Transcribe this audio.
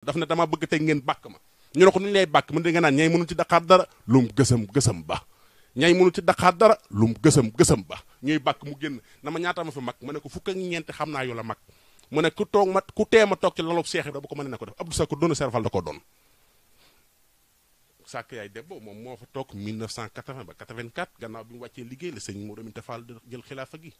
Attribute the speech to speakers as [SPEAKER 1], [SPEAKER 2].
[SPEAKER 1] daf ne dama bëgg tey ngeen bàkk ma ñu ne ko nuñ lay bàkk mu di nga naan ñay mënu ci daqaar dara lum
[SPEAKER 2] gësam gësam ba
[SPEAKER 1] ñay mënu ci daqaar dara
[SPEAKER 2] lum gësam gësam ba
[SPEAKER 1] ñuy bàkk mu génn na ma ñaata ma fi mag ma ne ko fukk ak ñeent xam naa yu la mag mu ne ku toog ma ku tee ma toog ci lolub Seex Ibra bu ko mën ne ko def Abdou Sakor doon Serfal da ko doon sàkk yaay debbo moom moo fa toog 1980 ba 84 gannaaw bi mu wàccee liggéey la sëñ Modou Aminta Fall jël xilaafa gi